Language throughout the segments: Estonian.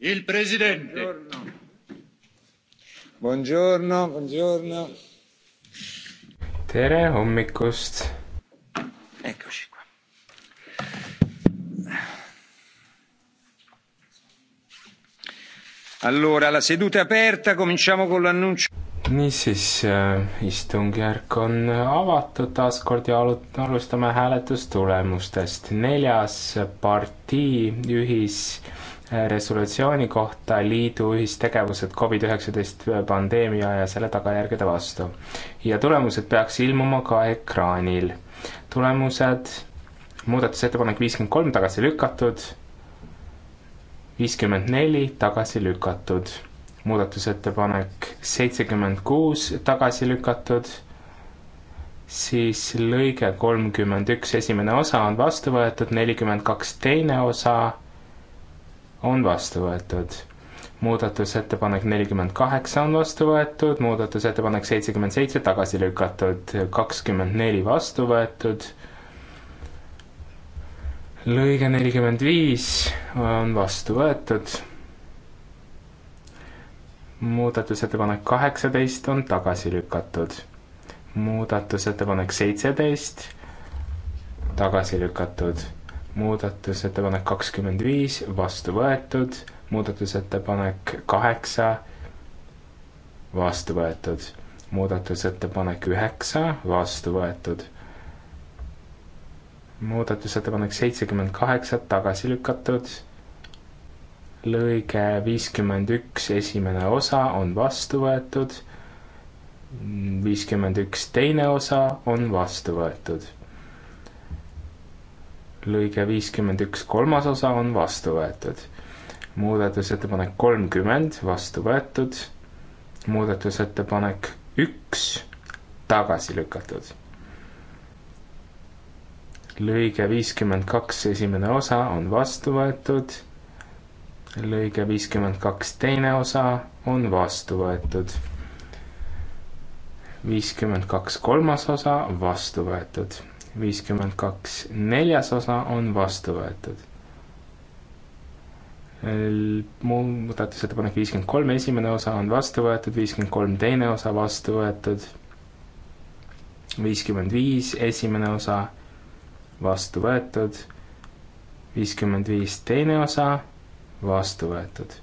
Il presidente. Buongiorno. Buongiorno, buongiorno. Tere hommikust. Eccoci qua. Allora, la seduta è aperta, cominciamo con l'annuncio. niisiis, äh, istungjärk on avatud taas kord ja alustame hääletustulemustest. neljas partii ühis Äh, resolutsiooni kohta liidu ühistegevused Covid-19 pandeemia ja selle tagajärgede vastu. ja tulemused peaks ilmuma ka ekraanil. tulemused, muudatusettepanek viiskümmend kolm tagasi lükatud, viiskümmend neli tagasi lükatud, muudatusettepanek seitsekümmend kuus tagasi lükatud, siis lõige kolmkümmend üks, esimene osa on vastu võetud, nelikümmend kaks teine osa on vastu võetud. muudatusettepanek nelikümmend kaheksa on vastu võetud, muudatusettepanek seitsekümmend seitse tagasi lükatud, kakskümmend neli vastu võetud, lõige nelikümmend viis on vastu võetud, muudatusettepanek kaheksateist on tagasi lükatud, muudatusettepanek seitseteist tagasi lükatud muudatusettepanek kakskümmend viis, vastu võetud, muudatusettepanek kaheksa, vastu võetud, muudatusettepanek üheksa, vastu võetud, muudatusettepanek seitsekümmend kaheksa, tagasi lükatud, lõige viiskümmend üks, esimene osa on vastu võetud, viiskümmend üks, teine osa on vastu võetud lõige viiskümmend üks kolmas osa on vastu võetud. muudatusettepanek kolmkümmend vastu võetud, muudatusettepanek üks tagasi lükatud. lõige viiskümmend kaks esimene osa on vastu võetud, lõige viiskümmend kaks teine osa on vastu võetud, viiskümmend kaks kolmas osa vastu võetud viiskümmend kaks, neljas osa on vastu võetud. muudatusettepanek viiskümmend kolm, esimene osa on vastu võetud, viiskümmend kolm teine osa vastu võetud, viiskümmend viis esimene osa vastu võetud, viiskümmend viis teine osa vastu võetud.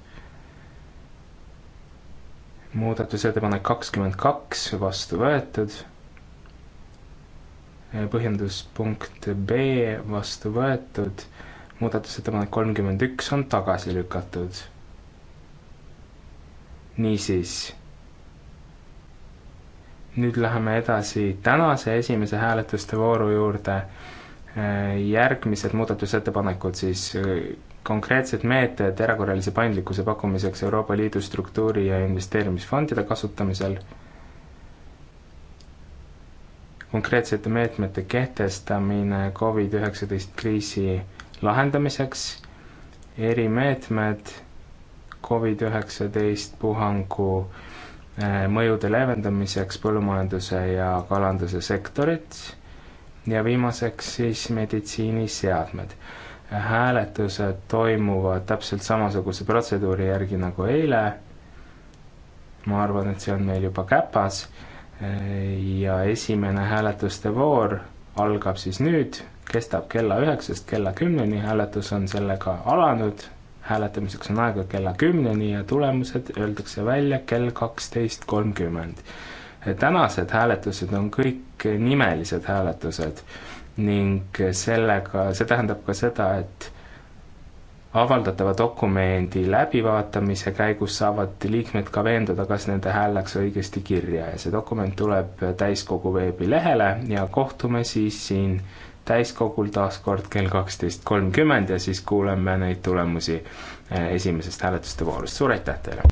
muudatusettepanek kakskümmend kaks vastu võetud põhjendus punkt B vastu võetud, muudatusettepanek kolmkümmend üks on tagasi lükatud. niisiis, nüüd läheme edasi tänase esimese hääletuste vooru juurde, järgmised muudatusettepanekud siis konkreetsed meetmed erakorralise paindlikkuse pakkumiseks Euroopa Liidu struktuuri- ja investeerimisfondide kasutamisel konkreetsete meetmete kehtestamine Covid-19 kriisi lahendamiseks, erimeetmed Covid-19 puhangu äh, mõjude leevendamiseks põllumajanduse ja kalanduse sektorit ja viimaseks siis meditsiiniseadmed. hääletused toimuvad täpselt samasuguse protseduuri järgi nagu eile. ma arvan, et see on meil juba käpas ja esimene hääletuste voor algab siis nüüd, kestab kella üheksast kella kümneni, hääletus on sellega alanud, hääletamiseks on aega kella kümneni ja tulemused öeldakse välja kell kaksteist kolmkümmend. tänased hääletused on kõik nimelised hääletused ning sellega, see tähendab ka seda, et avaldatava dokumendi läbivaatamise käigus saavad liikmed ka veenduda, kas nende hääl läks õigesti kirja ja see dokument tuleb täiskogu veebilehele ja kohtume siis siin täiskogul taas kord kell kaksteist kolmkümmend ja siis kuuleme neid tulemusi eh, esimesest hääletuste voorust, suur aitäh teile!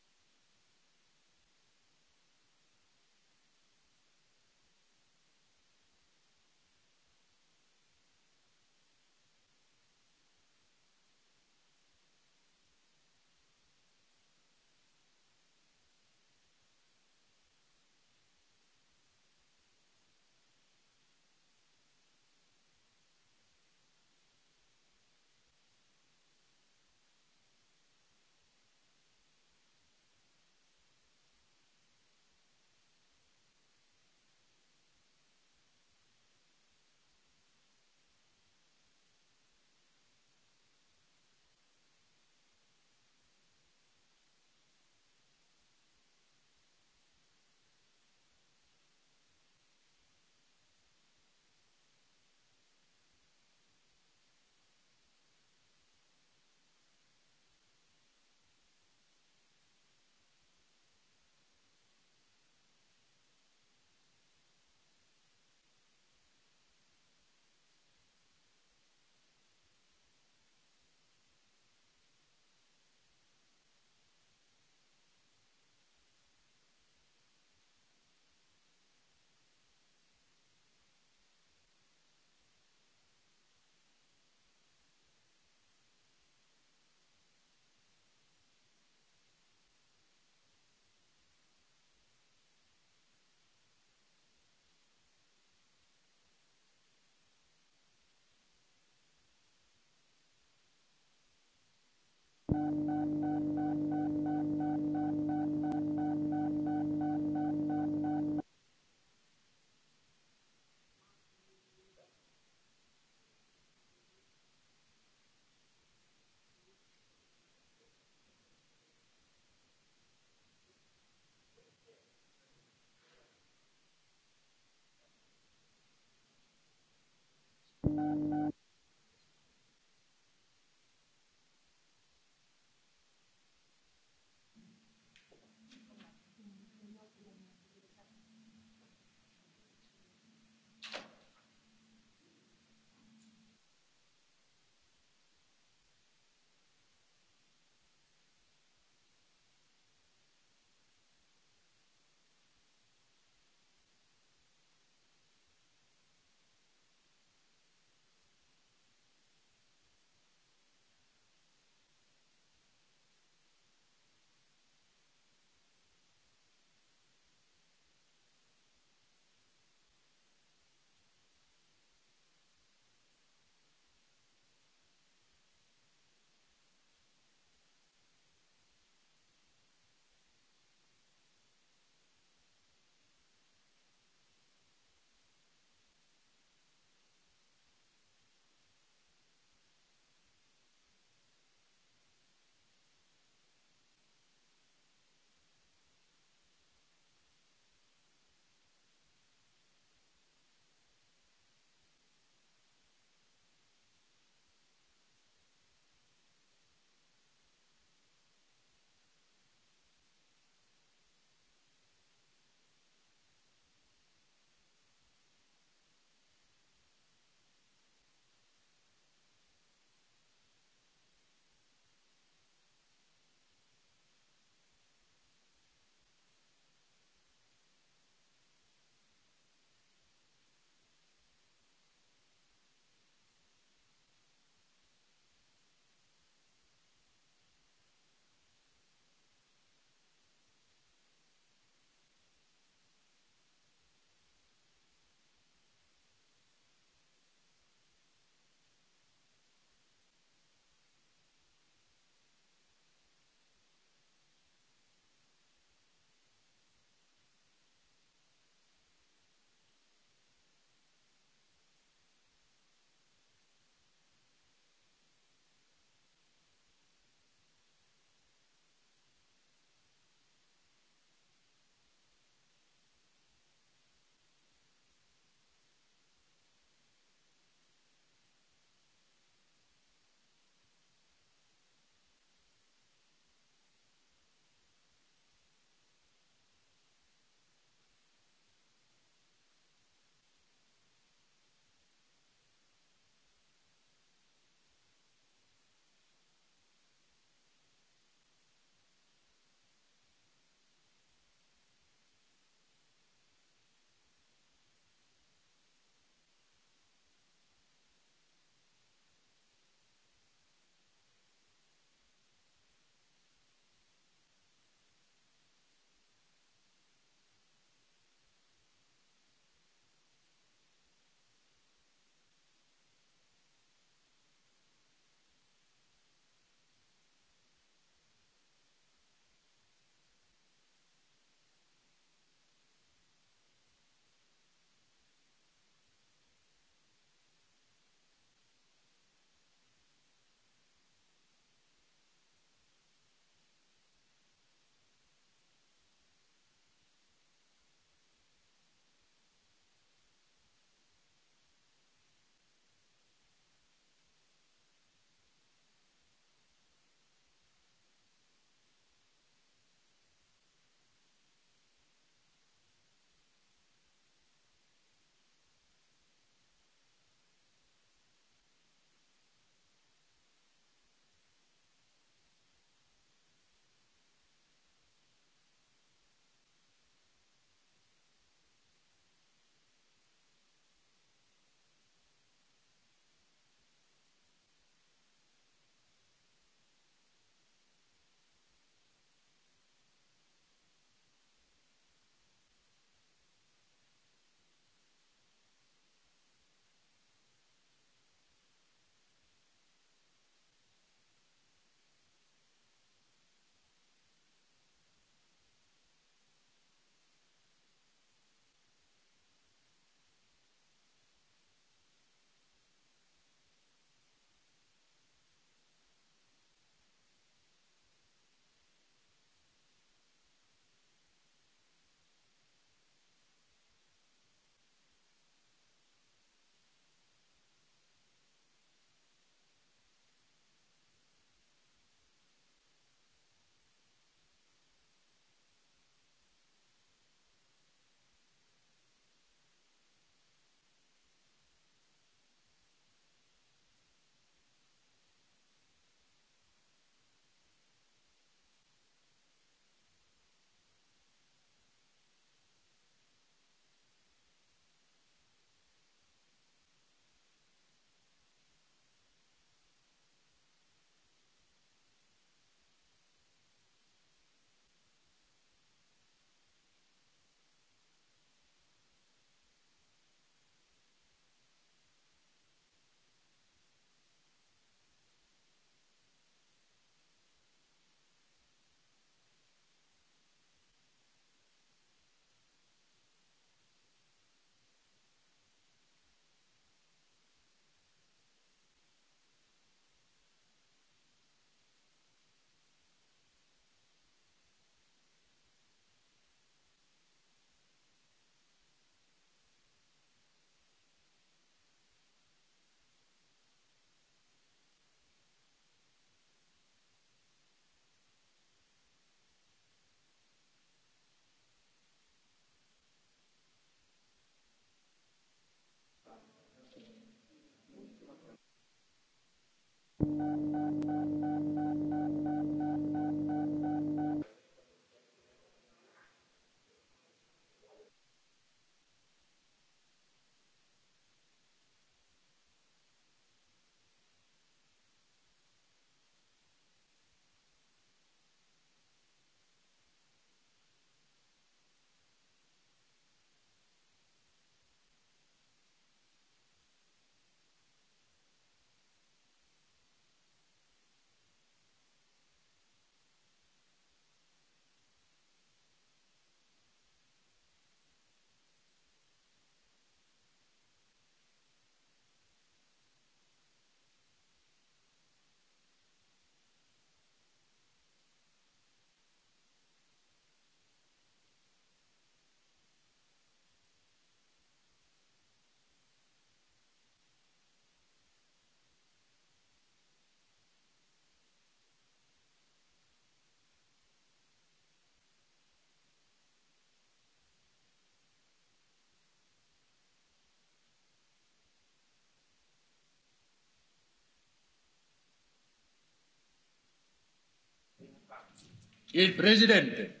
Il presidente.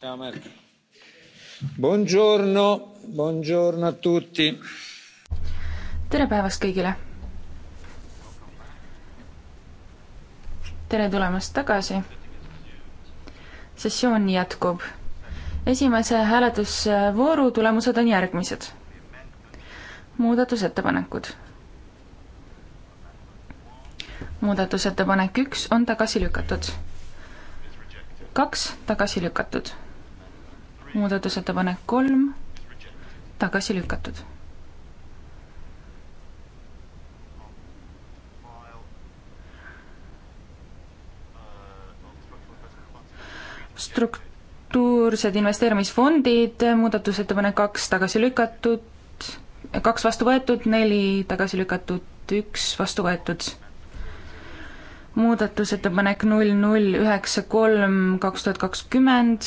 Ciao Marco. Buongiorno, buongiorno a tutti. tere päevast kõigile. tere tulemast tagasi. sessioon jätkub. esimese hääletusvooru tulemused on järgmised. muudatusettepanekud muudatusettepanek üks on tagasi lükatud kaks tagasi lükatud. muudatusettepanek kolm tagasi lükatud. struktuursed investeerimisfondid, muudatusettepanek kaks tagasi lükatud, kaks vastu võetud, neli tagasi lükatud, üks vastu võetud muudatusettepanek null null üheksa kolm kaks tuhat kakskümmend,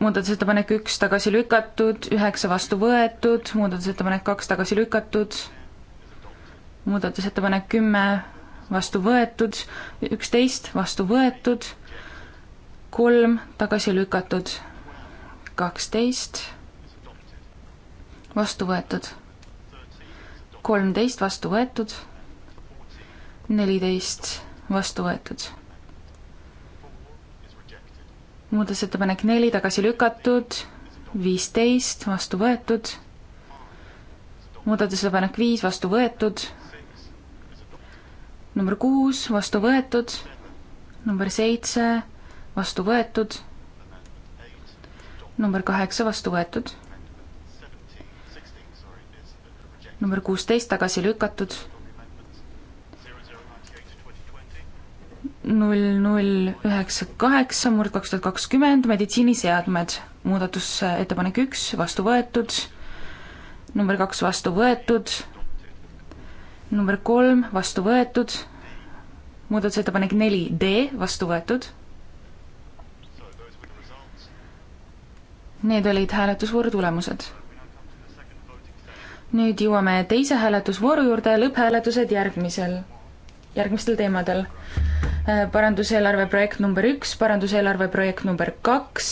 muudatusettepanek üks tagasi lükatud, üheksa vastu võetud, muudatusettepanek kaks tagasi lükatud, muudatusettepanek kümme vastu võetud, üksteist vastu võetud, kolm tagasi lükatud, kaksteist vastu võetud, kolmteist vastu võetud neliteist vastu võetud. muudatusettepanek neli tagasi lükatud, viisteist vastu võetud, muudatusettepanek viis vastu võetud, number kuus vastu võetud, number seitse vastu võetud, number kaheksa vastu võetud, number kuusteist tagasi lükatud null null üheksa kaheksa murd kaks tuhat kakskümmend meditsiiniseadmed, muudatusettepanek üks vastu võetud, number kaks vastu võetud, number kolm vastu võetud, muudatusettepanek neli D vastu võetud. Need olid hääletusvooru tulemused. nüüd jõuame teise hääletusvooru juurde, lõpphääletused järgmisel järgmistel teemadel. Äh, paranduseelarve projekt number üks, paranduseelarve projekt number kaks,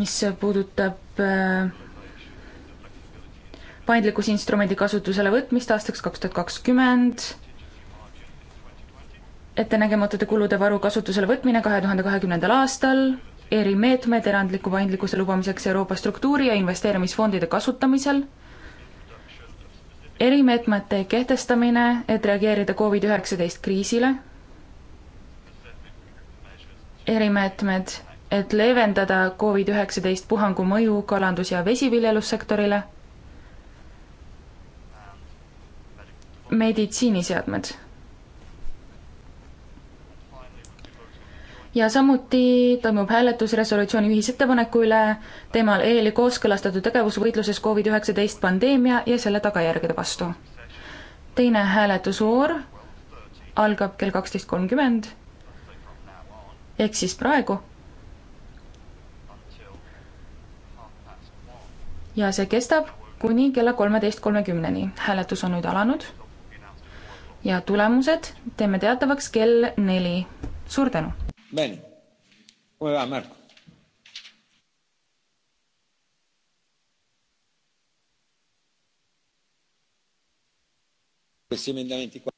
mis puudutab äh, paindlikkusinstrumendi kasutusele võtmist aastaks kaks tuhat kakskümmend, ettenägematute kulude varu kasutusele võtmine kahe tuhande kahekümnendal aastal, erimeetmed erandliku paindlikkuse lubamiseks Euroopa struktuuri- ja investeerimisfondide kasutamisel erimeetmete kehtestamine, et reageerida Covid-19 kriisile, erimeetmed, et leevendada Covid-19 puhangu mõju kalandus- ja vesiviljelussektorile, meditsiiniseadmed ja samuti toimub hääletus resolutsiooni ühisettepaneku üle teemal EL-i kooskõlastatud tegevus võitluses Covid-19 pandeemia ja selle tagajärgede vastu. teine hääletusvoor algab kell kaksteist kolmkümmend ehk siis praegu. ja see kestab kuni kella kolmeteist kolmekümneni. hääletus on nüüd alanud ja tulemused teeme teatavaks kell neli. suur tänu! Bene. Come va Marco? Questi emendamenti qua.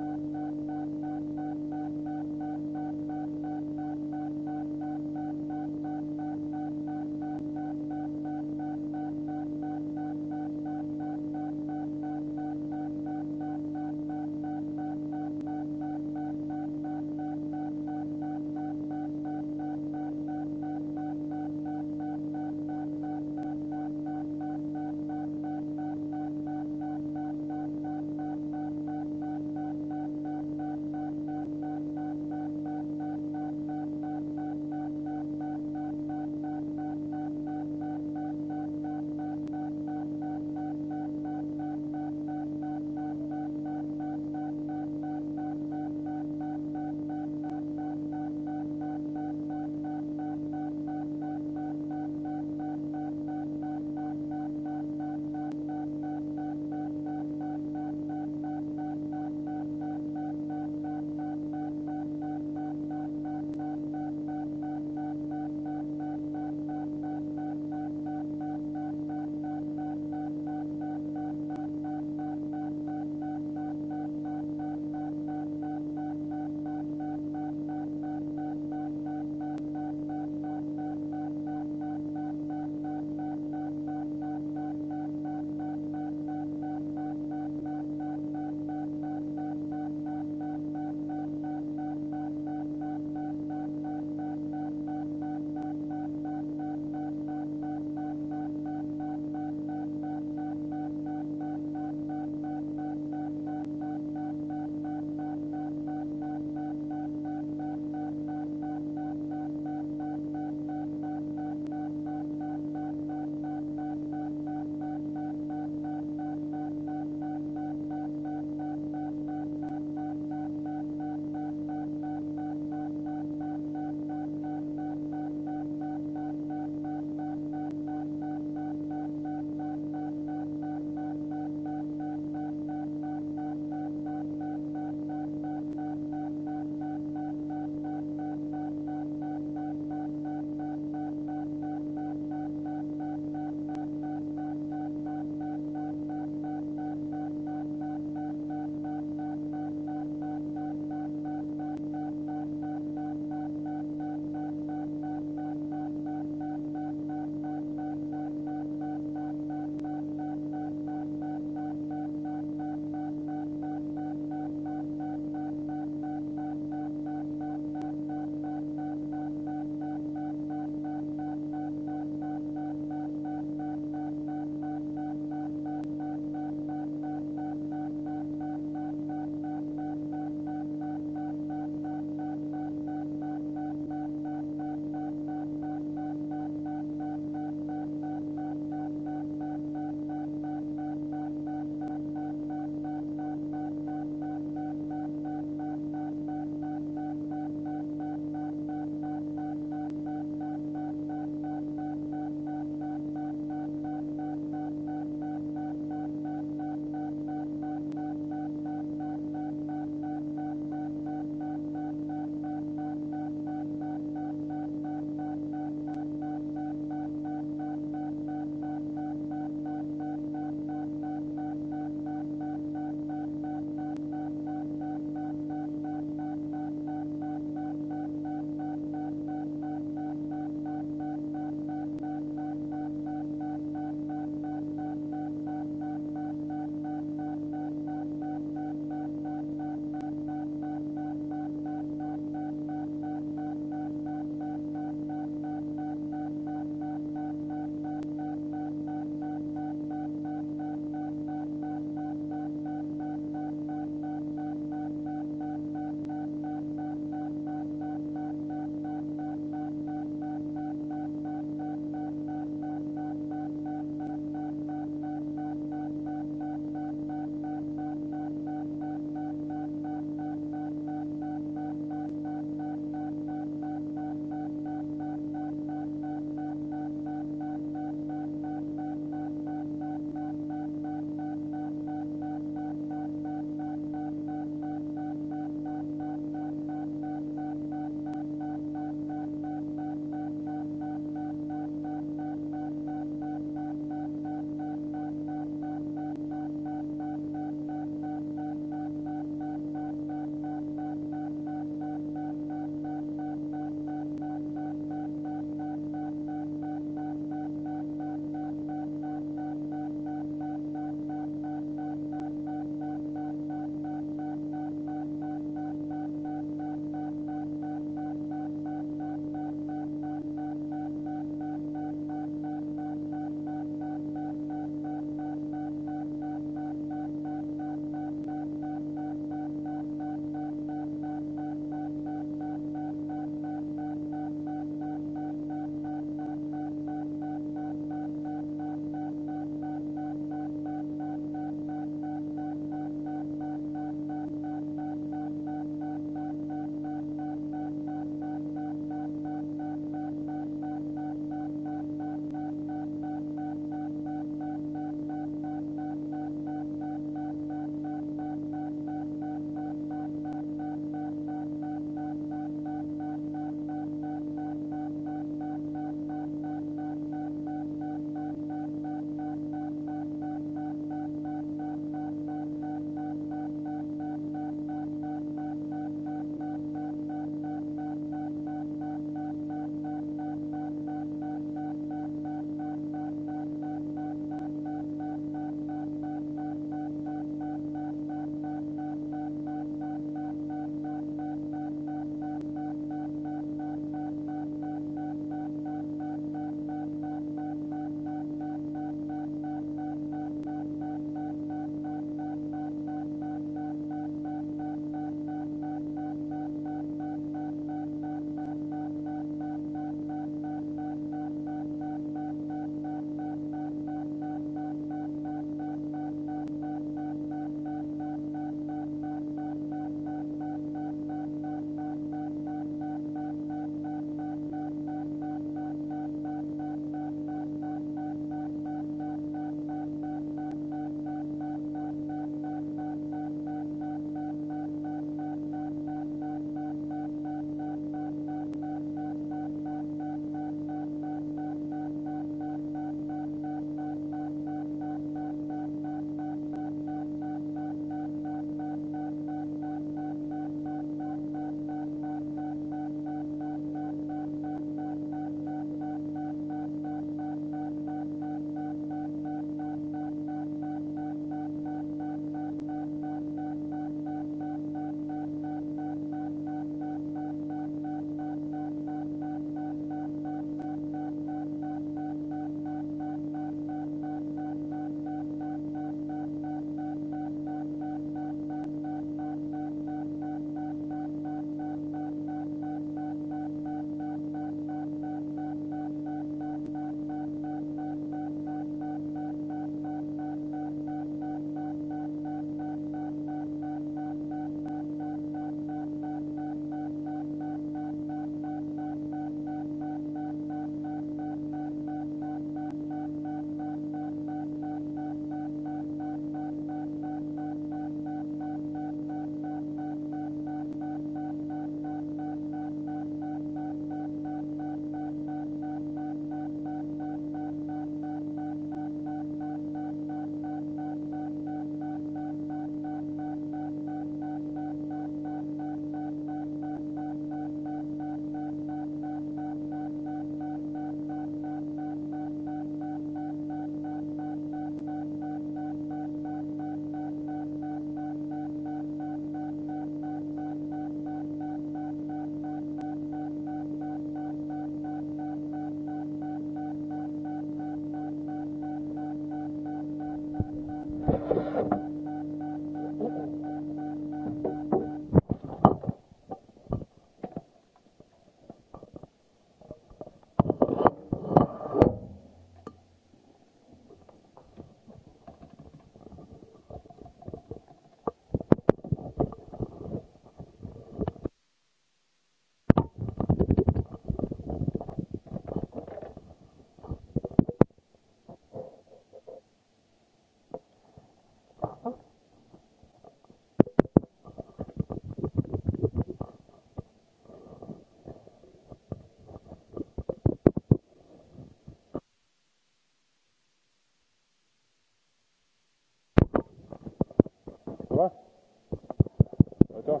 aitäh.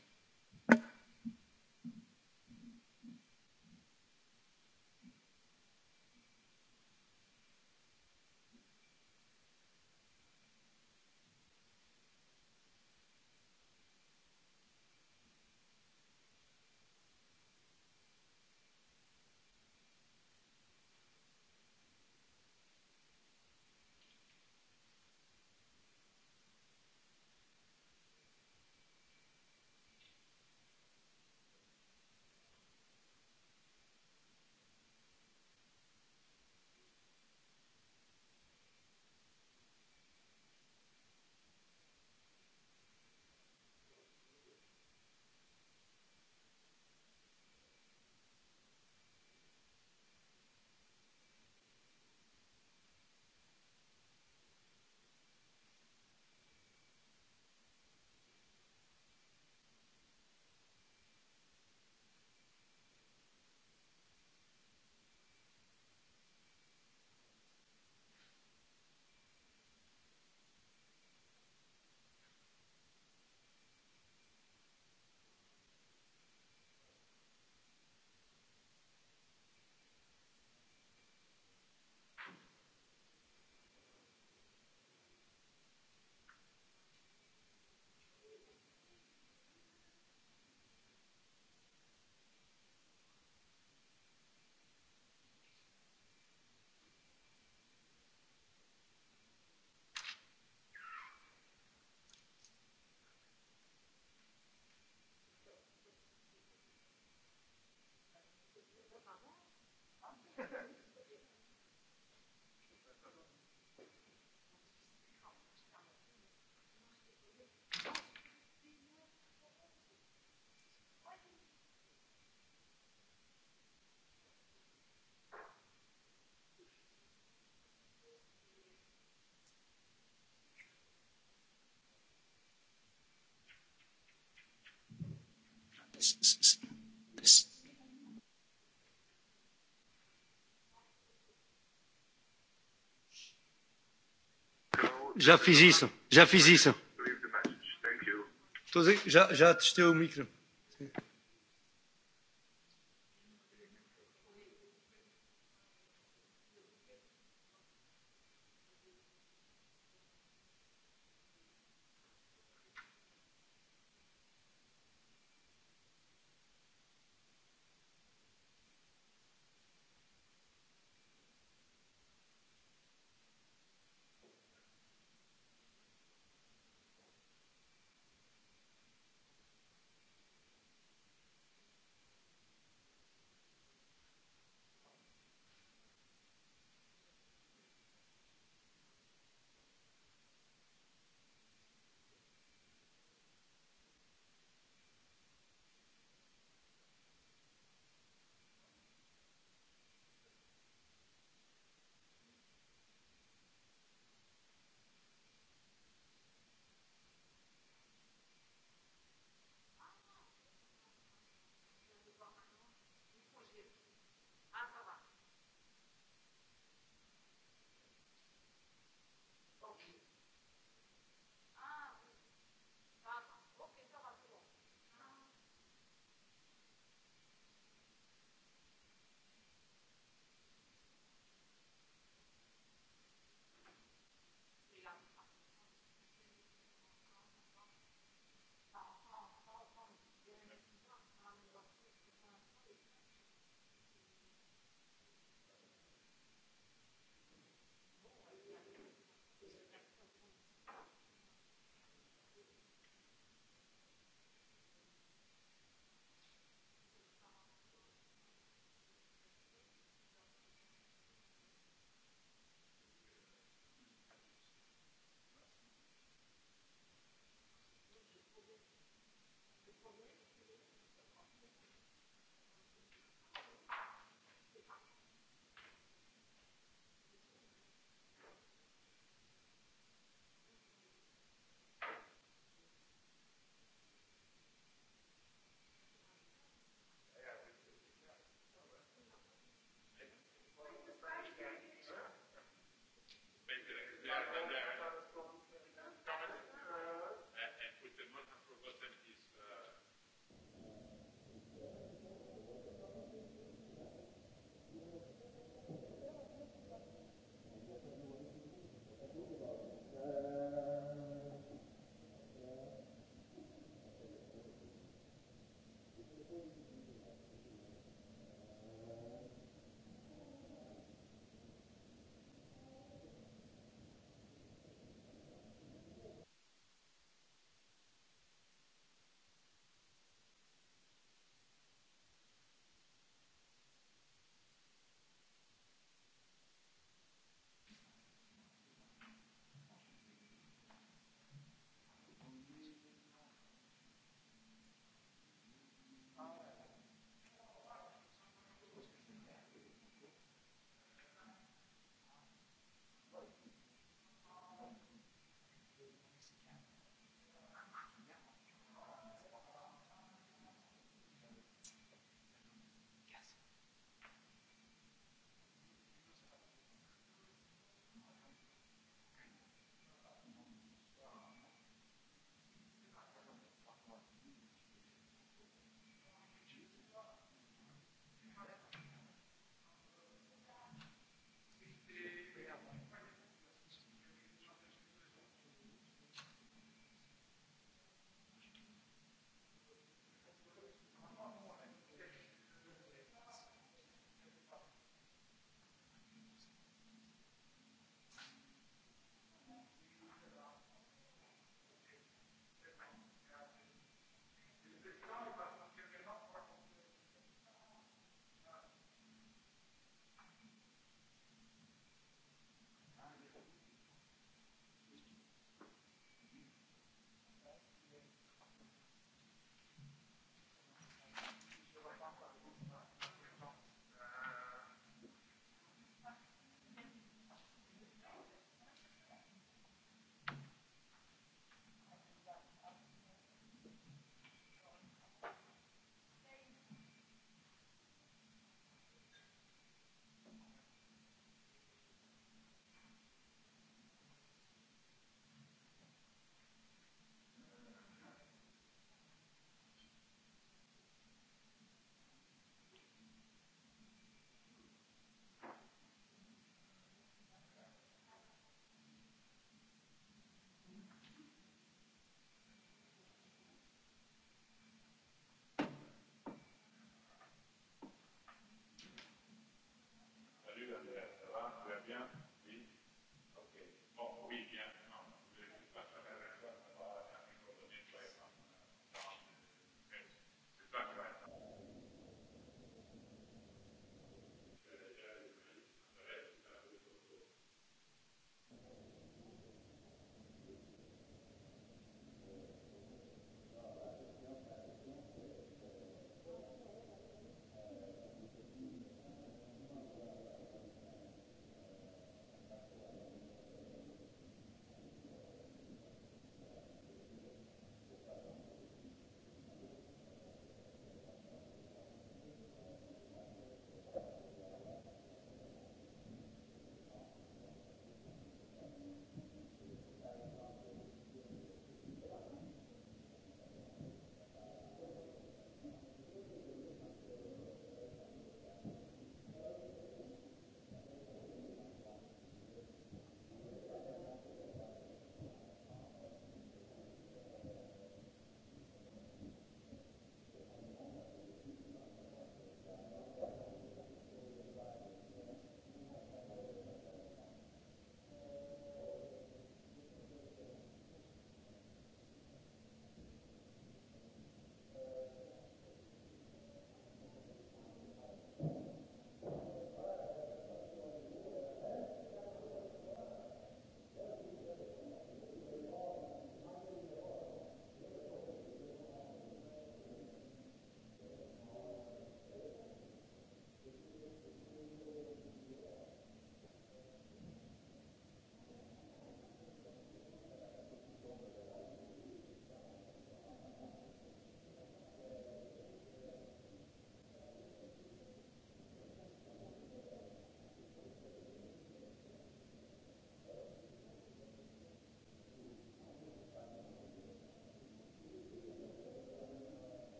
Já fiz isso, já fiz isso. Estou a dizer, já, já testei o micro. Sim.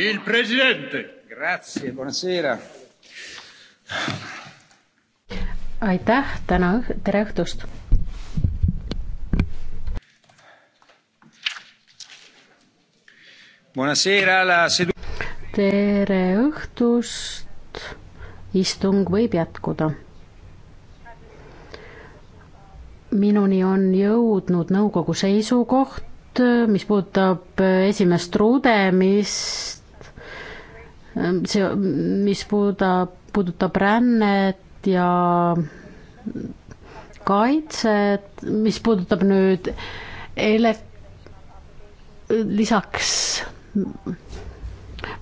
Il presidente. Grazie, buonasera. aitäh, täna, tere õhtust. Buonasera, la sedu-. tere õhtust, istung võib jätkuda minuni on jõudnud nõukogu seisukoht, mis puudutab esimest rudemist Ehm, see, mis puudab, puudutab rännet ja kaitset, mis puudutab nüüd ele-, lisaks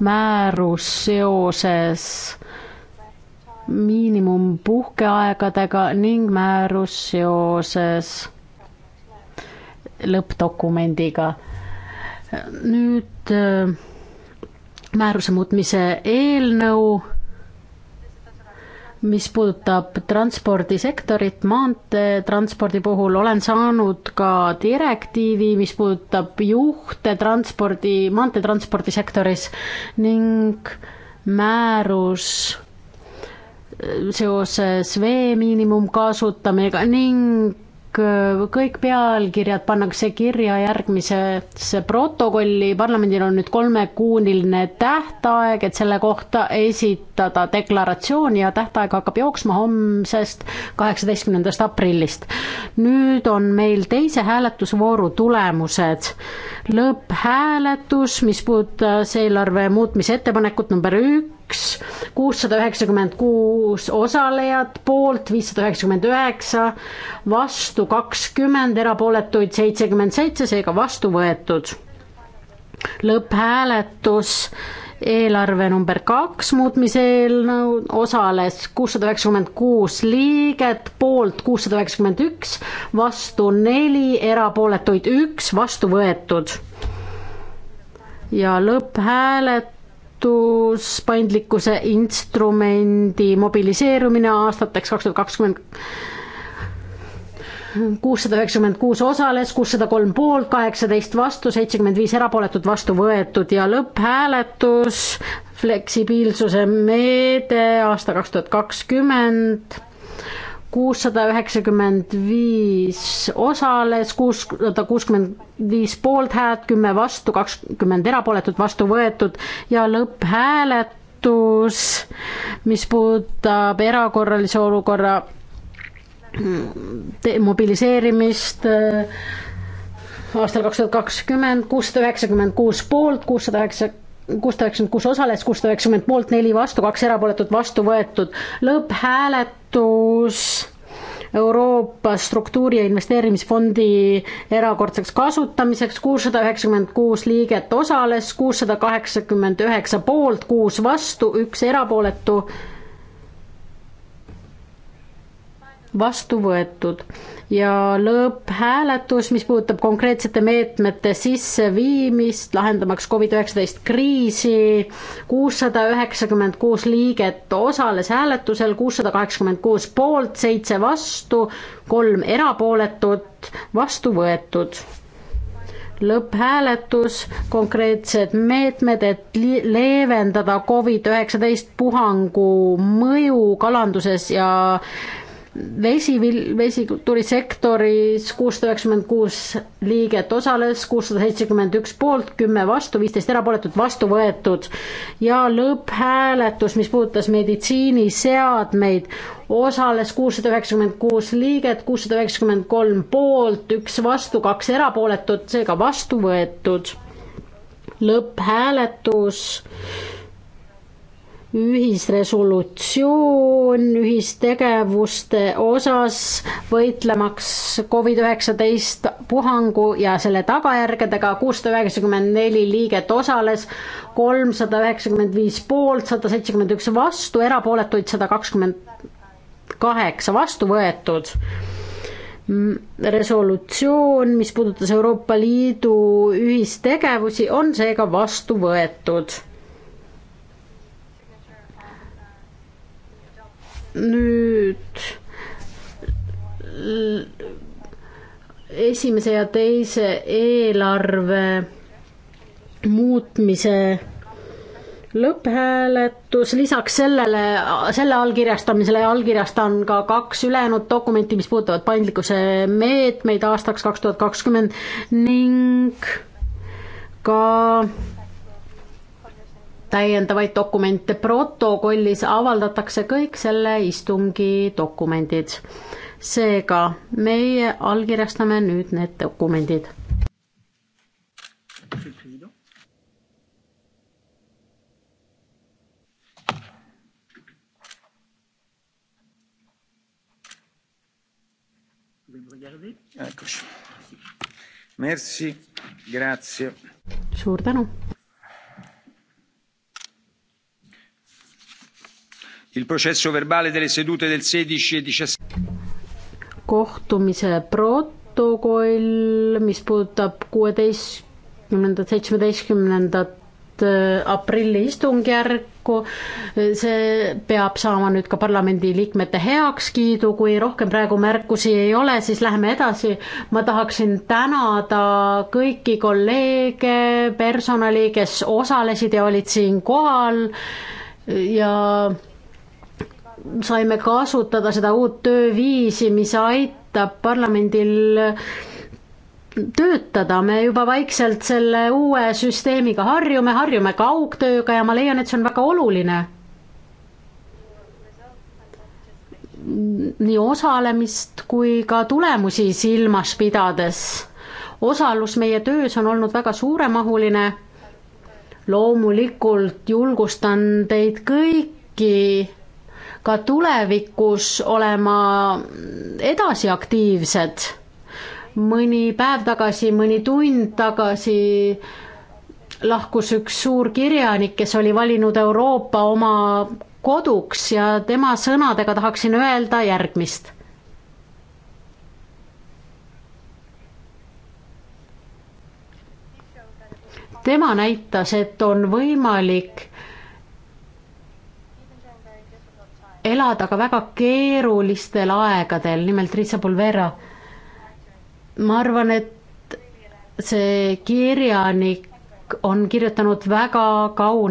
määrus seoses miinimumpuhkeaegadega ning määrus seoses lõppdokumendiga. nüüd ehm, määruse muutmise eelnõu, mis puudutab transpordisektorit, maanteetranspordi puhul olen saanud ka direktiivi, mis puudutab juhte transpordi, maanteetranspordisektoris ning määrus seoses vee miinimumkasutamisega ning Äh, kõik pealkirjad pannakse kirja järgmisesse protokolli, parlamendil on nüüd kolmekuuniline tähtaeg, et selle kohta esitada deklaratsioon ja tähtaeg hakkab jooksma homsest, kaheksateistkümnendast aprillist. nüüd on meil teise hääletusvooru tulemused. lõpphääletus, mis puudutas eelarve muutmise ettepanekut number üks, üks, kuussada üheksakümmend kuus osalejat, poolt viissada üheksakümmend üheksa, vastu kakskümmend, erapooletuid seitsekümmend seitse, seega vastu võetud. lõpphääletus eelarve number kaks muutmise eelnõu osales kuussada üheksakümmend kuus liiget, poolt kuussada üheksakümmend üks, vastu neli, erapooletuid üks, vastu võetud. ja lõpphääletus toetus, paindlikkuse instrumendi mobiliseerumine aastateks kaks tuhat kakskümmend kuussada üheksakümmend kuus osales, kuussada kolm poolt, kaheksateist vastu, seitsekümmend viis erapooletut vastu võetud ja lõpphääletus, fleksibiilsuse meede aasta kaks tuhat kakskümmend kuussada üheksakümmend viis osales, kuussada kuuskümmend viis poolthäält, kümme vastu, kakskümmend erapooletut vastu võetud ja lõpphääletus, mis puudutab erakorralise olukorra mm, mobiliseerimist äh, aastal kaks tuhat kakskümmend, kuussada üheksakümmend kuus poolt, kuussada üheksa kuussada üheksakümmend kuus osales, kuussada üheksakümmend poolt, neli vastu, kaks erapooletut vastu võetud. lõpphääletus Euroopa struktuuri ja investeerimisfondi erakordseks kasutamiseks, kuussada üheksakümmend kuus liiget osales, kuussada kaheksakümmend üheksa poolt, kuus vastu, üks erapooletu vastu võetud ja lõpphääletus, mis puudutab konkreetsete meetmete sisseviimist, lahendamaks Covid-19 kriisi, kuussada üheksakümmend kuus liiget osales hääletusel, kuussada kaheksakümmend kuus poolt, seitse vastu, kolm erapooletut, vastu võetud lõpphääletus, konkreetsed meetmed, et leevendada Covid-19 puhangu mõju kalanduses ja vesivil-, vesikultuurisektoris kuussada üheksakümmend kuus liiget osales, kuussada seitsekümmend üks poolt, kümme vastu, viisteist erapooletut vastu võetud ja lõpphääletus, mis puudutas meditsiiniseadmeid, osales kuussada üheksakümmend kuus liiget, kuussada üheksakümmend kolm poolt, üks vastu, kaks erapooletut, seega vastu võetud. lõpphääletus ühisresolutsioon ühistegevuste osas võitlemaks Covid üheksateist puhangu ja selle tagajärgedega. kuussada üheksakümmend neli liiget osales, kolmsada üheksakümmend viis poolt, sada seitsekümmend üks vastu, erapooletuid sada kakskümmend kaheksa vastu võetud resolutsioon, mis puudutas Euroopa Liidu ühistegevusi, on seega vastu võetud nüüd esimese ja teise eelarve muutmise lõpphääletus, lisaks sellele, selle allkirjastamisele allkirjastan ka kaks ülejäänud dokumenti, mis puudutavad paindlikkuse meetmeid aastaks kaks tuhat kakskümmend ning ka täiendavaid dokumente protokollis avaldatakse kõik selle istungi dokumendid. seega meie allkirjastame nüüd need dokumendid. suur tänu. Il processo verbale delle sedute del 16 e 17. kohtumise protokoll, mis puudutab kuueteistkümnendat, seitsmeteistkümnendat äh, aprilli istungjärku. see peab saama nüüd ka parlamendi liikmete heakskiidu, kui rohkem praegu märkusi ei ole, siis läheme edasi. ma tahaksin tänada kõiki kolleege, personali, kes osalesid ja olid siin kohal ja saime kasutada seda uut tööviisi, mis aitab parlamendil töötada, me juba vaikselt selle uue süsteemiga harjume, harjume kaugtööga ja ma leian, et see on väga oluline. nii osalemist kui ka tulemusi silmas pidades. osalus meie töös on olnud väga suuremahuline. loomulikult julgustan teid kõiki ka tulevikus olema edasi aktiivsed. mõni päev tagasi, mõni tund tagasi lahkus üks suur kirjanik, kes oli valinud Euroopa oma koduks ja tema sõnadega tahaksin öelda järgmist. tema näitas, et on võimalik elada ka väga keerulistel aegadel, nimelt Ritsa Pulvera. ma arvan, et see kirjanik on kirjutanud väga kauni